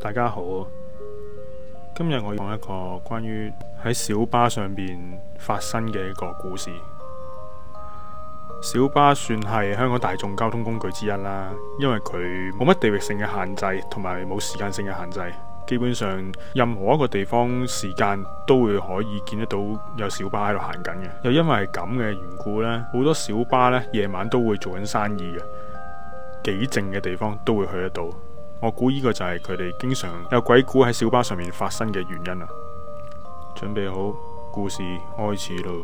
大家好，今日我要講一個關於喺小巴上邊發生嘅一個故事。小巴算係香港大眾交通工具之一啦，因為佢冇乜地域性嘅限制，同埋冇時間性嘅限制。基本上任何一個地方，時間都會可以見得到有小巴喺度行緊嘅。又因為係咁嘅緣故呢，好多小巴呢，夜晚都會做緊生意嘅，幾靜嘅地方都會去得到。我估呢個就係佢哋經常有鬼故喺小巴上面發生嘅原因啊！準備好，故事開始咯。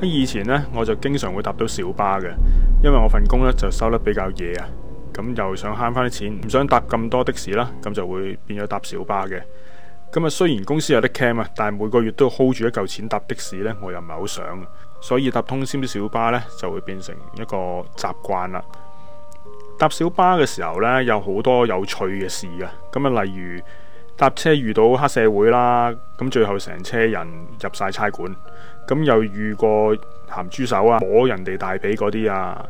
喺以前呢，我就經常會搭到小巴嘅，因為我份工呢就收得比較夜啊。咁又想慳翻啲錢，唔想搭咁多的士啦，咁就會變咗搭小巴嘅。咁啊，雖然公司有啲 cam 啊，但每個月都 hold 住一嚿錢搭的士呢，我又唔係好想，所以搭通宵啲小巴呢，就會變成一個習慣啦。搭小巴嘅時候呢，有好多有趣嘅事啊。咁啊，例如搭車遇到黑社會啦，咁最後成車人入晒差館，咁又遇過鹹豬手啊，摸人哋大髀嗰啲啊，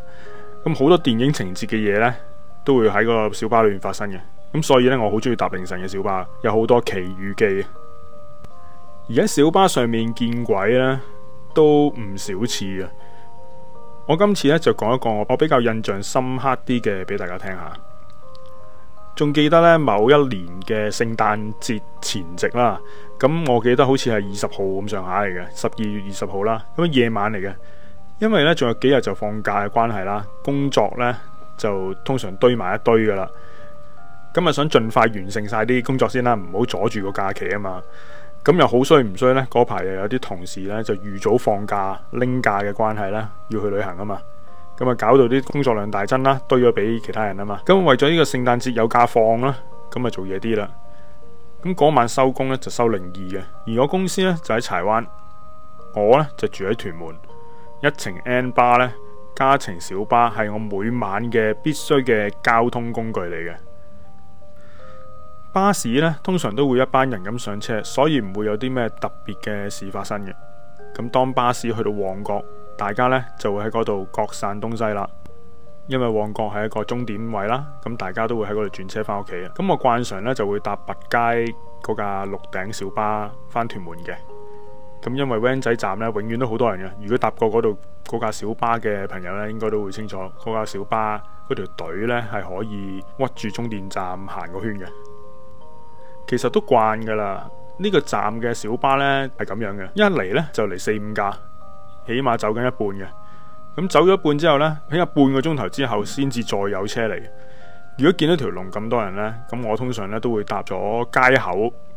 咁好多電影情節嘅嘢呢，都會喺嗰個小巴裏面發生嘅，咁所以呢，我好中意搭凌晨嘅小巴，有好多奇遇記。而喺小巴上面見鬼呢，都唔少次嘅，我今次呢，就講一講我比較印象深刻啲嘅俾大家聽一下。仲記得呢某一年嘅聖誕節前夕啦，咁我記得好似係二十號咁上下嚟嘅，十二月二十號啦，咁夜晚嚟嘅，因為呢仲有幾日就放假嘅關係啦，工作呢。就通常堆埋一堆噶啦，咁咪想盡快完成晒啲工作先啦，唔好阻住個假期啊嘛。咁又好衰唔衰呢？嗰排又有啲同事呢，就預早放假，拎假嘅關係啦，要去旅行啊嘛。咁啊搞到啲工作量大增啦，堆咗俾其他人啊嘛。咁為咗呢個聖誕節有假放啦，咁啊做嘢啲啦。咁嗰晚收工呢，就收零二嘅，而我公司呢，就喺柴灣，我呢，就住喺屯門，一程 N 巴呢。家庭小巴係我每晚嘅必須嘅交通工具嚟嘅。巴士呢，通常都會一班人咁上車，所以唔會有啲咩特別嘅事發生嘅。咁當巴士去到旺角，大家呢就會喺嗰度各散東西啦。因為旺角係一個終點位啦，咁大家都會喺嗰度轉車翻屋企啊。咁我慣常呢就會搭白街嗰架綠頂小巴翻屯門嘅。咁因為灣仔站呢永遠都好多人嘅，如果搭過嗰度嗰架小巴嘅朋友咧，應該都會清楚，嗰架小巴嗰條隊咧係可以屈住充電站行個圈嘅。其實都慣噶啦，呢個站嘅小巴呢係咁樣嘅，一嚟呢就嚟四五架，起碼走緊一半嘅。咁走咗一半之後呢，喺個半個鐘頭之後先至再有車嚟。如果見到條龍咁多人呢，咁我通常咧都會搭咗街口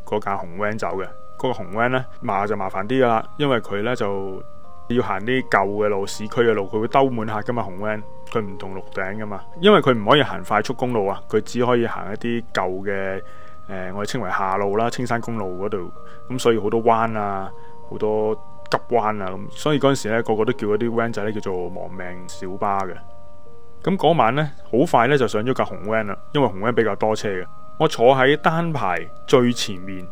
嗰架紅 van 走嘅。嗰個紅 van 呢，麻就麻煩啲噶啦，因為佢呢就，要行啲舊嘅路，市區嘅路，佢會兜滿客噶嘛，紅 van 佢唔同綠頂噶嘛，因為佢唔可以行快速公路啊，佢只可以行一啲舊嘅，誒我哋稱為下路啦，青山公路嗰度，咁所以好多彎啊，好多急彎啊，咁所以嗰陣時咧個個都叫嗰啲 van 仔咧叫做亡命小巴嘅，咁嗰晚呢，好快呢就上咗架紅 van 啦，因為紅 van 比較多車嘅，我坐喺單排最前面，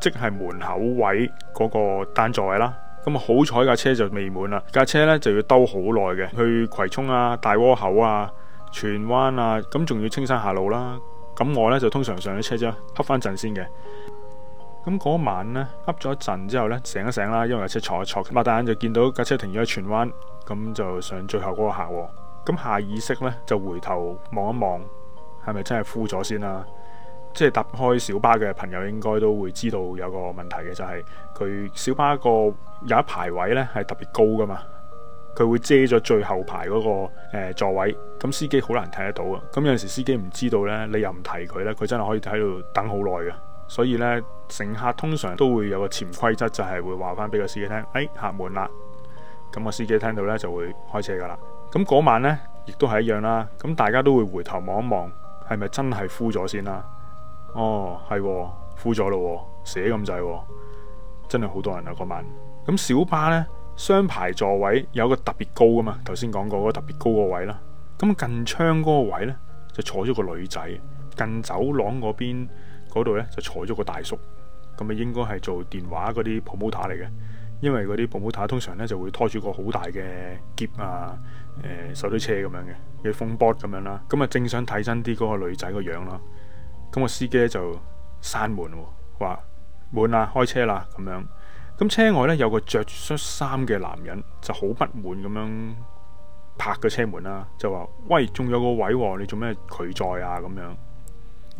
即係門口位嗰個單座位啦。咁好彩架車就未滿啦。架車咧就要兜好耐嘅，去葵涌啊、大窩口啊、荃灣啊，咁仲要青山下路啦、啊。咁我咧就通常上咗車啫，瞌翻陣先嘅。咁嗰晚呢，瞌咗一陣之後呢，醒一醒啦，因為架車坐一坐，擘大眼就見到架車停咗喺荃灣，咁就上最後嗰個下。咁下意識呢，就回頭望一望，係咪真係敷咗先啦？即係搭開小巴嘅朋友，應該都會知道有個問題嘅，就係、是、佢小巴個有一排位呢係特別高噶嘛。佢會遮咗最後排嗰、那個、呃、座位，咁司機好難睇得到啊。咁有陣時司機唔知道呢，你又唔提佢呢，佢真係可以喺度等好耐嘅。所以呢，乘客通常都會有個潛規則，就係、是、會話翻俾個司機聽：誒、哎、客滿啦。咁個司機聽到呢就會開車噶啦。咁嗰晚呢，亦都係一樣啦。咁大家都會回頭望一望，係咪真係敷咗先啦？哦，係，苦咗咯，寫咁滯，真係好多人啊嗰晚。咁小巴呢，雙排座位有個特別高噶嘛，頭先講過、嗰個特別高個位啦。咁近窗嗰個位呢，就坐咗個女仔；近走廊嗰邊嗰度呢，就坐咗個大叔。咁啊，應該係做電話嗰啲 promoter 嚟嘅，因為嗰啲 promoter 通常呢就會拖住個好大嘅篋啊，誒、啊，手推車咁樣嘅，嘅 phone box 咁樣，樣啦。咁啊，正想睇真啲嗰個女仔個樣咯。咁個司機咧就閂門，話滿啦，開車啦咁樣。咁車外咧有個着住恤衫嘅男人，就好不滿咁樣拍個車門啦，就話：喂，仲有個位，你做咩拒載啊？咁樣。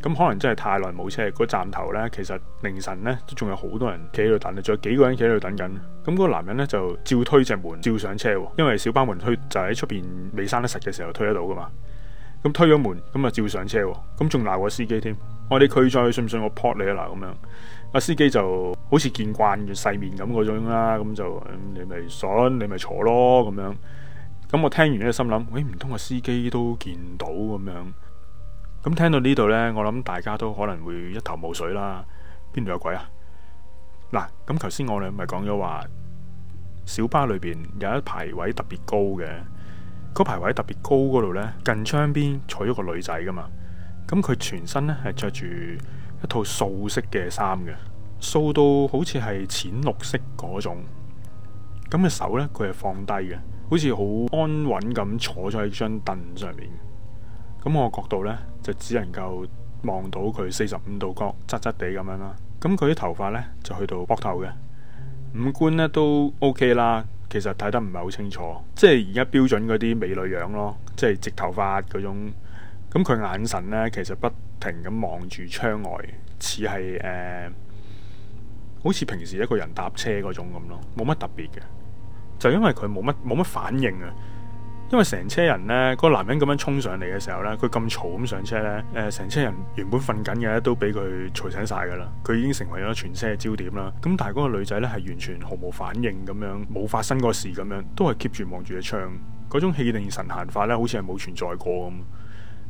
咁可能真係太耐冇車，個站頭咧其實凌晨咧都仲有好多人企喺度等啊，仲有幾個人企喺度等緊。咁嗰個男人咧就照推隻門，照上車。因為小巴門推就喺出邊未閂得實嘅時候推得到噶嘛。咁推咗門，咁啊照上車，咁仲鬧個司機添，我哋拒載？信唔信我撲你一嚟咁樣。阿司機就好似見慣嘅世面咁嗰種啦，咁就你咪上，你咪坐咯咁樣。咁我聽完呢心諗，喂，唔通個司機都見到咁樣。咁聽到呢度呢，我諗大家都可能會一頭霧水啦。邊度有鬼啊？嗱，咁頭先我哋咪講咗話，小巴裏邊有一排位特別高嘅。嗰排位特別高嗰度呢，近窗邊坐咗個女仔噶嘛，咁佢全身呢係着住一套素色嘅衫嘅，素到好似係淺綠色嗰種。咁佢手呢，佢係放低嘅，好似好安穩咁坐咗喺張凳上面。咁我角度呢，就只能夠望到佢四十五度角，側側地咁樣啦。咁佢啲頭髮呢，就去到膊頭嘅，五官呢都 OK 啦。其實睇得唔係好清楚，即係而家標準嗰啲美女樣咯，即係直頭髮嗰種，咁佢眼神呢，其實不停咁望住窗外，似係誒，好似平時一個人搭車嗰種咁咯，冇乜特別嘅，就因為佢冇乜冇乜反應啊。因為成車人呢、嗰個男人咁樣衝上嚟嘅時候呢，佢咁嘈咁上車呢，誒，成車人原本瞓緊嘅都俾佢嘈醒晒噶啦。佢已經成為咗全車嘅焦點啦。咁但係嗰個女仔呢係完全毫無反應咁樣，冇發生過事咁樣，都係 keep 住望住個窗，嗰種氣定神閒法呢，好似係冇存在過咁。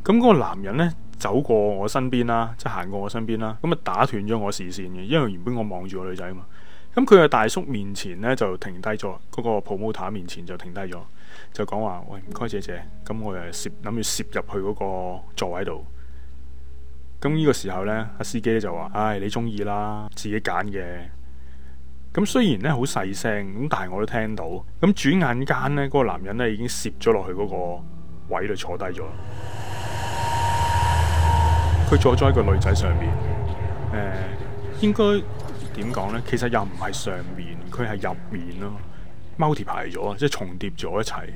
咁、那、嗰個男人呢，走過我身邊啦，即係行過我身邊啦，咁啊打斷咗我視線嘅，因為原本我望住個女仔啊嘛。咁佢喺大叔面前呢，就停低咗，嗰個 promoter 面前就停低咗，就講話：喂，唔該，姐姐。咁我誒攝諗住攝入去嗰個座位度。咁呢個時候呢，阿司機咧，就話：唉，你中意啦，自己揀嘅。咁雖然呢好細聲，咁但係我都聽到。咁轉眼間呢，嗰個男人呢已經攝咗落去嗰個位度坐低咗。佢坐咗喺個女仔上面，誒，應該。點講呢？其實又唔係上面，佢係入面咯，踎跌排咗，即係重疊咗一齊。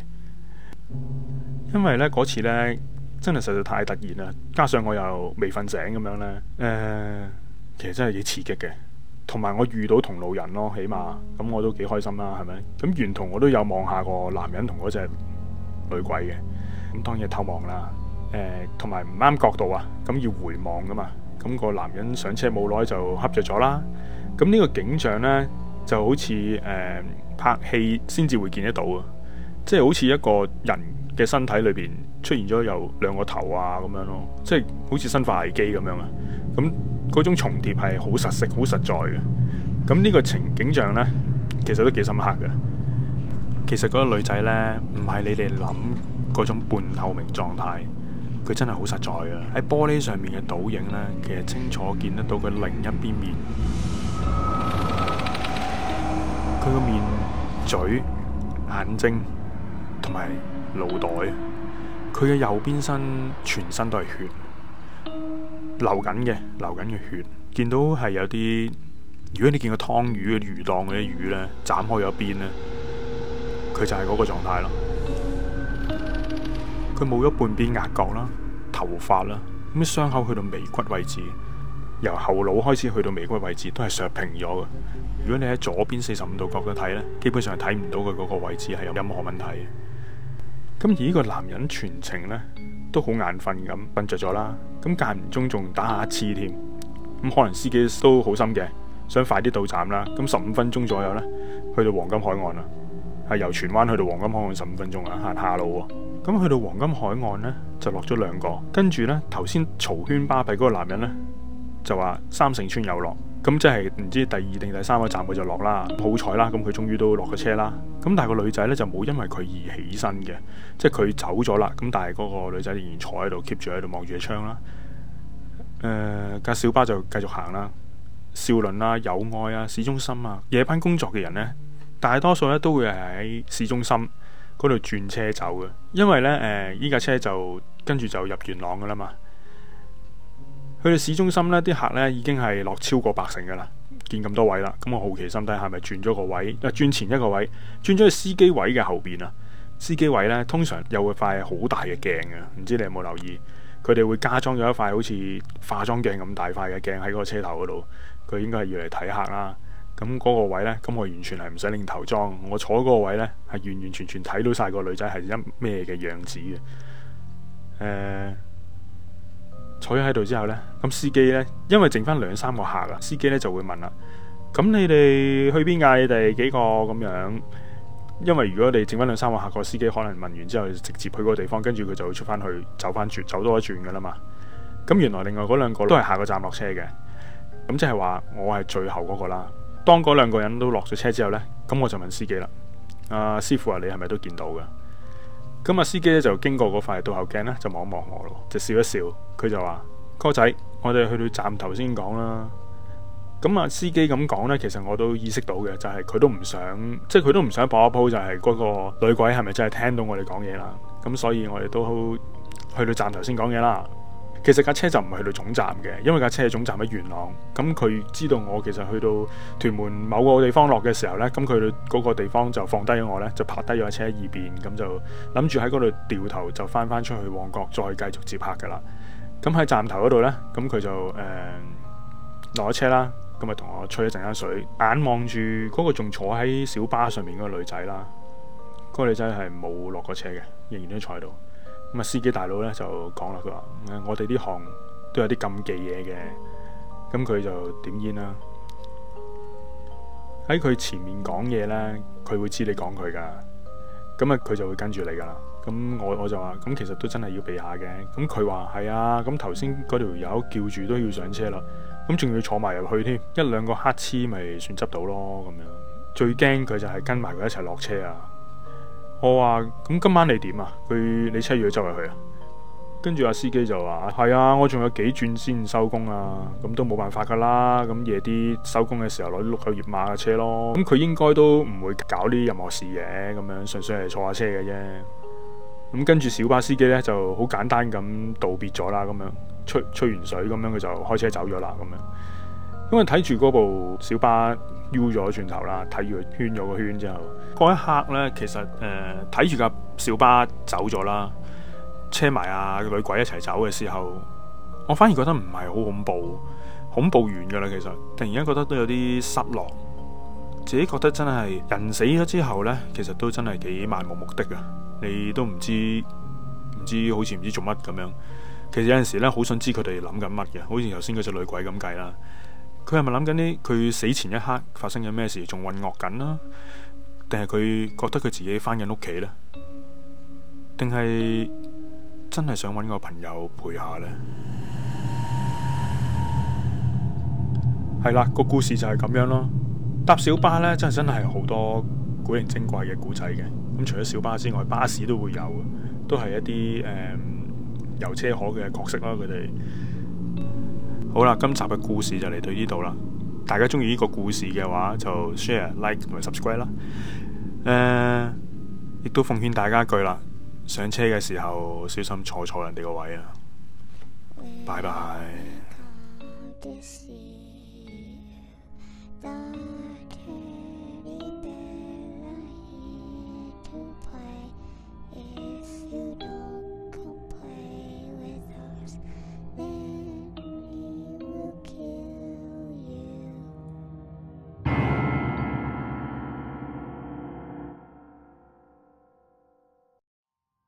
因為呢嗰次呢，真係實在太突然啦，加上我又未瞓醒咁樣呢，誒、呃，其實真係幾刺激嘅。同埋我遇到同路人咯，起碼咁我都幾開心啦，係咪？咁沿途我都有望下個男人同嗰隻女鬼嘅，咁當然係偷望啦。誒、呃，同埋唔啱角度啊，咁要回望噶嘛。咁、那個男人上車冇耐就瞌着咗啦。咁呢個景象呢，就好似誒、呃、拍戲先至會見得到啊！即係好似一個人嘅身體裏邊出現咗有兩個頭啊，咁樣咯，即係好似生化危機咁樣啊！咁嗰種重疊係好實實、好實在嘅。咁呢個情景象呢，其實都幾深刻嘅。其實嗰個女仔呢，唔係你哋諗嗰種半透明狀態，佢真係好實在噶。喺玻璃上面嘅倒影呢，其實清楚見得到佢另一邊面。佢個面、嘴、眼睛同埋腦袋，佢嘅右邊身全身都係血，流緊嘅，流緊嘅血。見到係有啲，如果你見過劏魚嘅魚檔嗰啲魚呢，斬開咗一邊呢，佢就係嗰個狀態咯。佢冇咗半邊額角啦，頭髮啦，咁啲傷口去到眉骨位置。由後腦開始去到眉骨位置，都係削平咗嘅。如果你喺左邊四十五度角度睇呢，基本上係睇唔到佢嗰個位置係有任何問題。咁而呢個男人全程呢，都好眼瞓咁，瞓着咗啦。咁間唔中仲打下次添。咁可能司機都好心嘅，想快啲到站啦。咁十五分鐘左右呢，去到黃金海岸啦，係由荃灣去到黃金海岸十五分鐘啊，行下路。咁去到黃金海岸呢，就落咗兩個。跟住呢，頭先嘈喧巴閉嗰個男人呢。就話三聖村有落，咁即係唔知第二定第三個站佢就落啦。好彩啦，咁佢終於都落咗車啦。咁但係個女仔呢，就冇因為佢而起身嘅，即係佢走咗啦。咁但係嗰個女仔仍然坐喺度，keep 住喺度望住個窗啦。誒、呃，架小巴就繼續行啦，兆麟啊、友愛啊、市中心啊，夜班工作嘅人呢，大多數呢都會係喺市中心嗰度轉車走嘅，因為呢，誒依架車就跟住就入元朗噶啦嘛。去到市中心呢啲客呢已經係落超過百成噶啦，見咁多位啦。咁我好奇心睇下，係咪轉咗個位？啊，轉前一個位，轉咗去司機位嘅後邊啦。司機位呢通常有塊好大嘅鏡嘅，唔知你有冇留意？佢哋會加裝咗一塊好似化妝鏡咁大塊嘅鏡喺嗰個車頭嗰度。佢應該係要嚟睇客啦。咁嗰個位呢，咁我完全係唔使擰頭裝，我坐嗰個位呢，係完完全全睇到晒個女仔係一咩嘅樣子嘅。誒、呃。坐喺度之後呢，咁司機呢，因為剩翻兩三個客啊，司機呢就會問啦，咁你哋去邊界？你哋幾個咁樣？因為如果你剩翻兩三個客，個司機可能問完之後，直接去嗰個地方，跟住佢就會出翻去走翻轉，走多一轉噶啦嘛。咁原來另外嗰兩個都係下個站落車嘅，咁即係話我係最後嗰個啦。當嗰兩個人都落咗車之後呢，咁我就問司機啦，啊師傅啊，你係咪都見到噶？咁啊，司機咧就經過嗰塊倒後鏡咧，就望一望我咯，就笑一笑，佢就話：哥仔，我哋去到站頭先講啦。咁啊，司機咁講呢，其實我都意識到嘅，就係、是、佢都唔想，即係佢都唔想搏一鋪，就係嗰個女鬼係咪真係聽到我哋講嘢啦？咁所以我哋都去到站頭先講嘢啦。其實架車就唔係去到總站嘅，因為架車總站喺元朗。咁佢知道我其實去到屯門某個地方落嘅時候呢，咁佢嗰個地方就放低咗我呢，就拍低咗架車喺二邊，咁就諗住喺嗰度掉頭就翻翻出去旺角，再繼續接客噶啦。咁喺站頭嗰度呢，咁佢就誒落咗車啦，咁啊同我吹一陣間水，眼望住嗰個仲坐喺小巴上面嗰個女仔啦，嗰個女仔係冇落過車嘅，仍然都坐喺度。咁啊，司機大佬咧就講啦，佢話：我哋呢行都有啲禁忌嘢嘅。咁佢就點煙啦。喺佢前面講嘢咧，佢會知你講佢噶。咁啊，佢就會跟住你噶啦。咁我我就話：咁其實都真係要避下嘅。咁佢話：係啊。咁頭先嗰條友叫住都要上車啦。咁仲要坐埋入去添，一兩個黑痴咪算執到咯咁樣。最驚佢就係跟埋佢一齊落車啊！我話，咁今晚你點啊？佢你車要周圍去啊？跟住阿司機就話係啊，我仲有幾轉先收工啊？咁、嗯、都冇辦法噶啦，咁夜啲收工嘅時候攞去碌下葉馬嘅車咯。咁佢應該都唔會搞呢任何事嘅，咁樣純粹係坐下車嘅啫。咁跟住小巴司機呢，就好簡單咁道別咗啦，咁樣吹吹完水咁樣佢就開車走咗啦，咁樣。咁睇住嗰部小巴，U 咗轉頭啦，睇住佢圈咗個圈之後，嗰一刻呢，其實誒睇住架小巴走咗啦，車埋啊個女鬼一齊走嘅時候，我反而覺得唔係好恐怖，恐怖完噶啦，其實突然間覺得都有啲失落，自己覺得真係人死咗之後呢，其實都真係幾漫無目的嘅，你都唔知唔知好似唔知做乜咁樣。其實有陣時呢，好想知佢哋諗緊乜嘅，好似頭先嗰隻女鬼咁計啦。佢係咪諗緊啲佢死前一刻發生緊咩事，仲混噩緊啦？定係佢覺得佢自己翻緊屋企呢？定係真係想搵個朋友陪下呢？係啦， 對那個故事就係咁樣咯。搭小巴呢，真係真係好多古靈精怪嘅古仔嘅。咁除咗小巴之外，巴士都會有，都係一啲誒遊車河嘅角色啦，佢哋。好啦，今集嘅故事就嚟到呢度啦。大家中意呢個故事嘅話，就 share、like 同埋 subscribe 啦。誒，亦、呃、都奉勸大家一句啦，上車嘅時候小心坐錯人哋個位啊！拜拜。